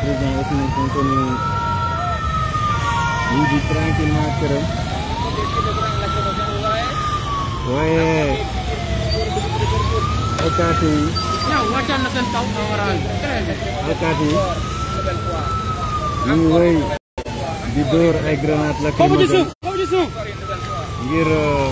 président Ousmane Sonko ni ñu ngi tranquillement këram waaye alkaati yi alkaati yi ñu ngi wéy di dóor ay grenades lacrymogènes ngir euh,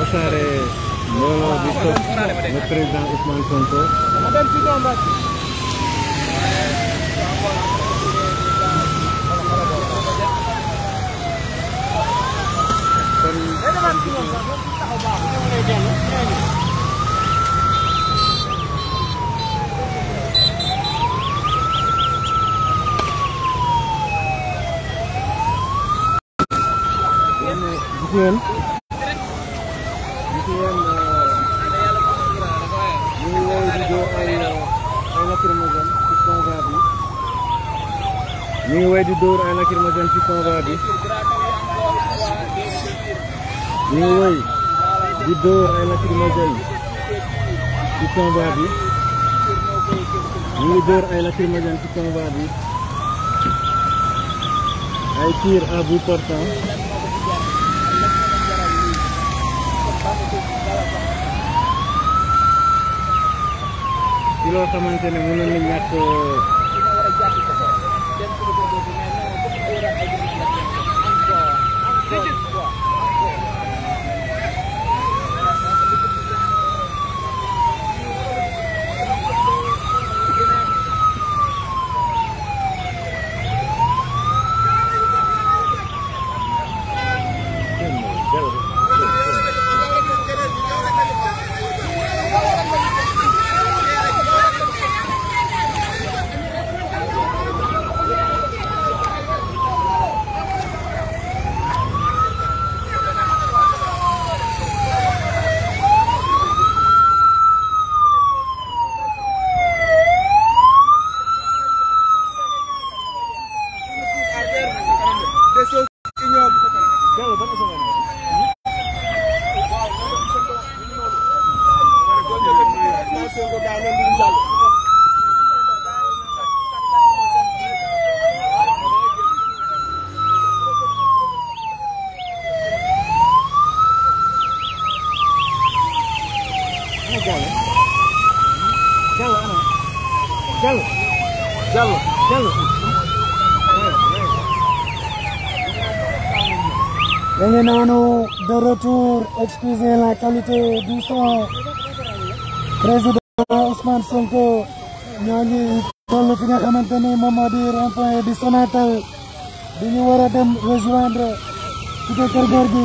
tasaare mbooloo di topp le président Ousmane Sonko. kon. dóor ay lacrymogène ci convoi bi ñu ngi wéy di dóor ay lacrymogène ci convoi bi ñu ngi dóor ay lacrymogène ci convoi bi ay tir à bout portant ci loo xamante ne mën nañu noonu de retour excusez la qualité du son président Ousmane Sonko ñoo ngi toll fi nga xamante ni moom moo di rond-point di Sonatel di ñu a dem rejoindre ci kër gi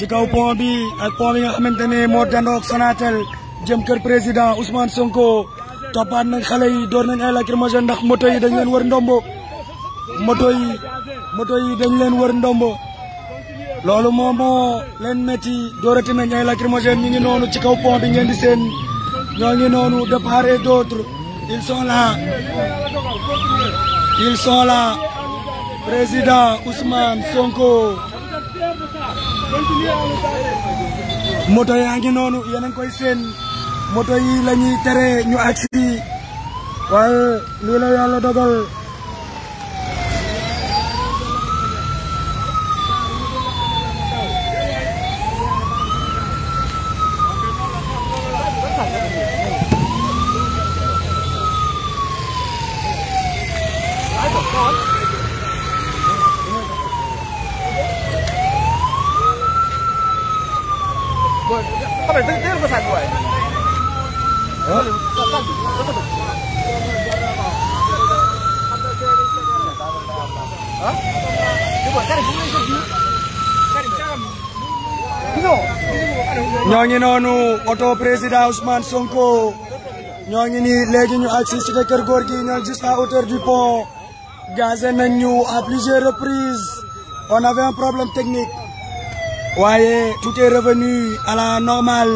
ci kaw pont bi ak pont bi nga xamante ne moo dandoog Sonatel jëm kër président Ousmane Sonko toppaat nañ xale yi door nañ ay ndax moto yi dañ leen wër ndombo moto yi moto yi dañ leen wër ndombo loolu moom moo leen métti doorati nañ ay lacrymogène ñu ngi noonu ci kaw pont bi ngeen seen ñoo ngi noonu de part et d'autre ils sont là ils sont là Sonko. moto yaa ngi noonu yéen a koy seen moto yi la ñuy ñu agsi waaye lii la yàlla ñoo ngi noonu oto président Ousmane Sonko ñoo ngi nii léegi ñu agsi ci kër góor gi ñoo juste du pont gazé ñu à plusieurs reprises on avait un problème technique. waaye tout est revenu à la normale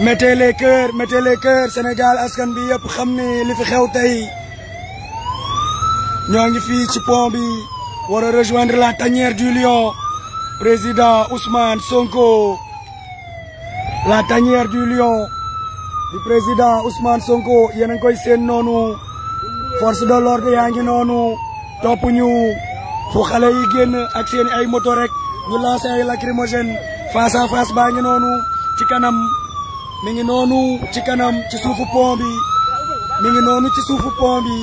mettez les cœurs mettez les Sénégal askan bi yëpp xam ni li fi xew tey ñoo ngi fii ci pont bi war a rejoindre la tanière du lion président Ousmane Sonko la tanière du lion du président Ousmane Sonko yéen a ngi koy seen noonu force de l'ordre yaa ngi noonu topp ñu fu xale yi génn ak seen ay moto rek ñu lancé ay lacrymogène face à face baa ngi noonu ci kanam mi ngi noonu ci kanam ci suufu pont bi mi ngi noonu ci suufu pont bi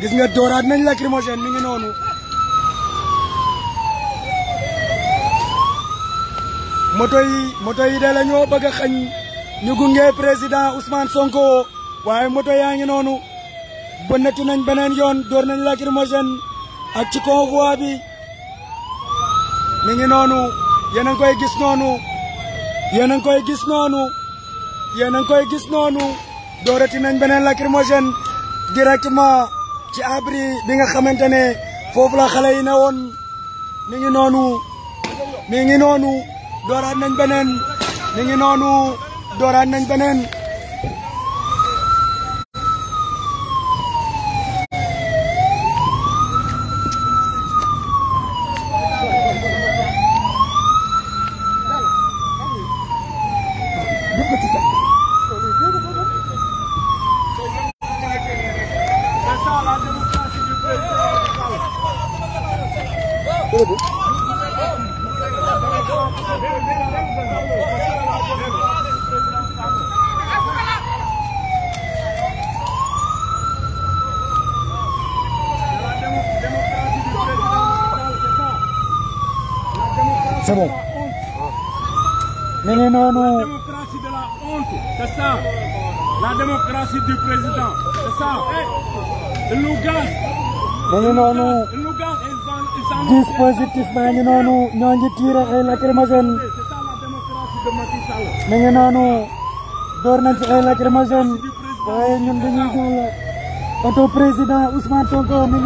gis nga dooraat nañ lacrymogène mi ngi noonu moto yi moto yi de la ñoo bëgg a xañ ñu gunge président Ousmane Sonko waaye moto yaa ngi noonu bënnati nañ beneen yoon door nañ lacrymogène a ci convoi bi mi ngi noonu yéen a ngi koy gis noonu yéen a ngi koy gis noonu yéen a ngi koy gis noonu doorati nañ beneen lacrymogène directement ci abri bi nga xamante ne foofu la xale yi ne woon mi ngi noonu mi ngi noonu dooraat nañ beneen mi ngi noonu dooraat nañ beneen c'est bon mi ngi noonu. C'est ça la démocratie du président c'est ça baa ngi noonu ñoo ngi tiire ay lacrymogène mi door nañ ci ay lacrymogène waaye ñun dañuy jàll oto président Ousmane Sonko mi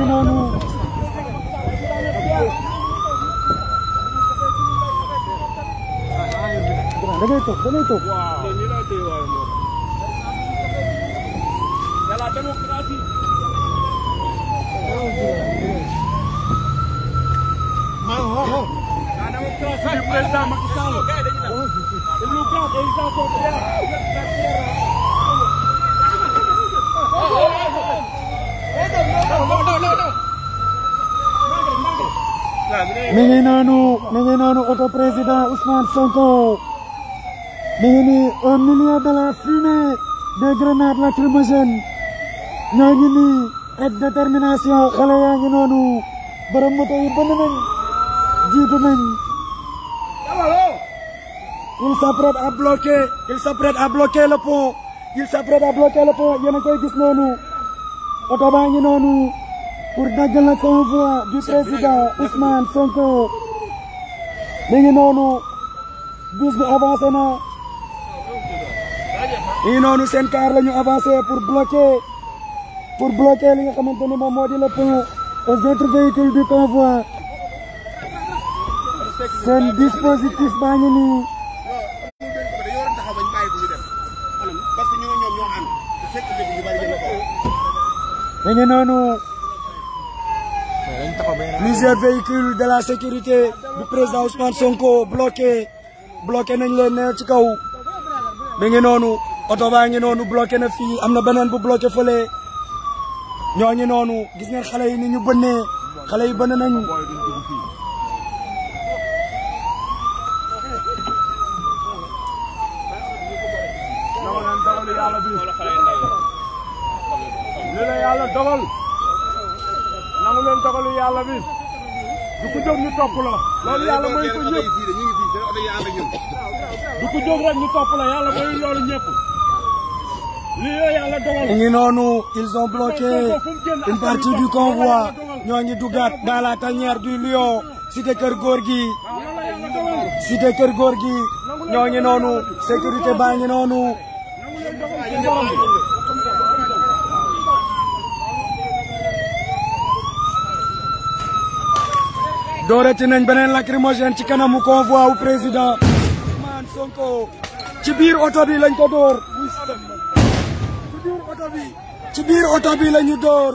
damay toog damay toog. waaw te ñu lay téye waaye moom. yàlla démocratie. maa ngi wax wax. la démocratie du président Macky Sall. il nous garde et ils en sont fiers. mi ngi noonu mi ngi noonu oto président Ousmane Sonko mi ngi nii au milieu de la fumée des grenades lacrymogènes ñoo ngi nii ak détermination yaa ngi noonu borom yi bënn jiitu nañ il s'apprête à bloquer il s'apprête à bloquer le pont il s'apprête à bloquer le pont koy gis noonu oto baa ngi noonu pour dagg le convoi du président Ousmane Sonko ngi noonu bus bi avancé na nii noonu seen car la ñu avancé pour bloquer pour bloquer li nga xamante ni moom moo di le pont aux autres véhicules du convoi dispositif baa ngi nii. ñu ngi de la sécurité du président Ousmane Sonko bloqué bloqué nañ leen ci kaw mi ngi oto baa ngi noonu bloqué na fii am na beneen bu bloqué fële ñooñu noonu gis ngeen xale yi ni ñu bënnee xale yi bënn nañu li la yàlla dogal nangu leen dogalu yàlla bi ñu topp la loolu yàlla mooy ko ñëpp ngi noonu ils ont bloqué une partie du convoi ñoo ngi dugaat dans la tanière du lion góor gi cité kër góor gi ñoo ngi noonu sécurité baa ngi noonu doorati nañ beneen lacrymogène ci kanamu convoi wu président Ousmane Sonko ci biir oto bi lañ ko dóor bi ci biir oto bi la ñu dóor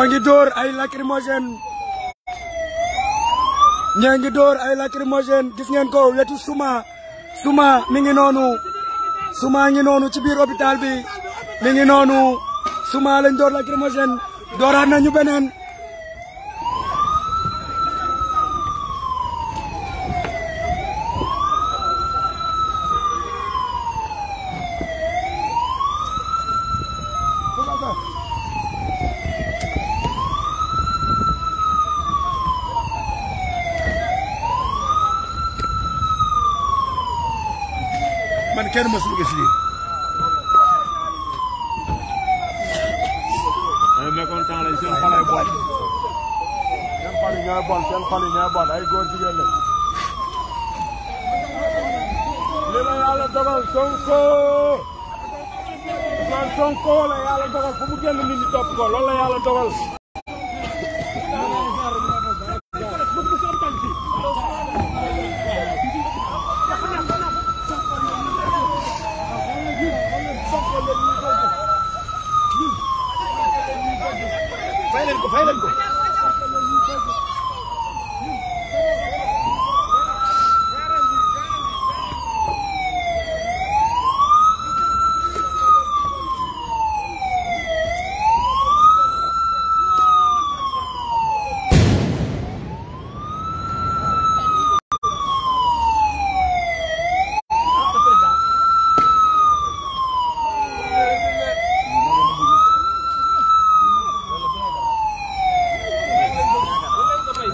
ñoo ngi dóor ay lacrymogène ñoo ngi dóor ay lacrymogène gis ngeen ko wetu suma suma mi ngi noonu suma ngi noonu ci biir hôpital bi mi ngi noonu suma lañ dóor lacrymogène dooraat nañu beneen kontaan lañ seen xale bon seen xol la li la yàlla dogal la yàlla dogal fu mu la yàlla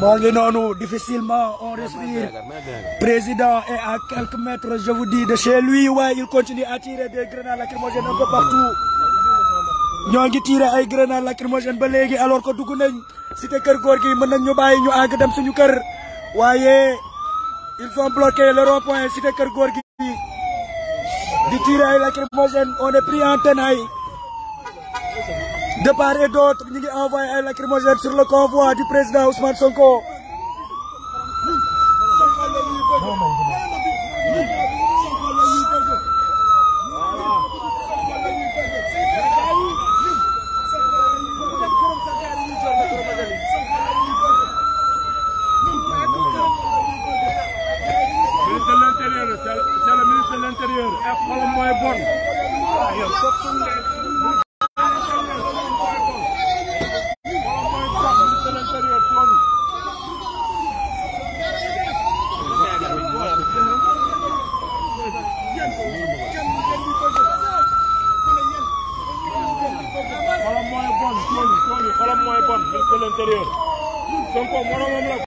moo ngi noonu difficilement on respire président est à quelques mètres je vous dis de chez lui waaye il continue à tirer des grenades lacrymogènes un peu partout ñoo ngi tirer ay grenades lacrymogènes ba léegi alors que dugg nañ cité kër góor gi mën nañ ñu bàyyi ñu àgg dem ñu kër waaye ils ont bloqué le rond-point cité kër góor gi di tirer ay lacrymogènes on est pris en de part et d'autre ñu ngi envoyé ay lacrymogènes sur le convoi du président Ousmane Sonko. c'est le ministre de l'intérieur ak xolam mooy bon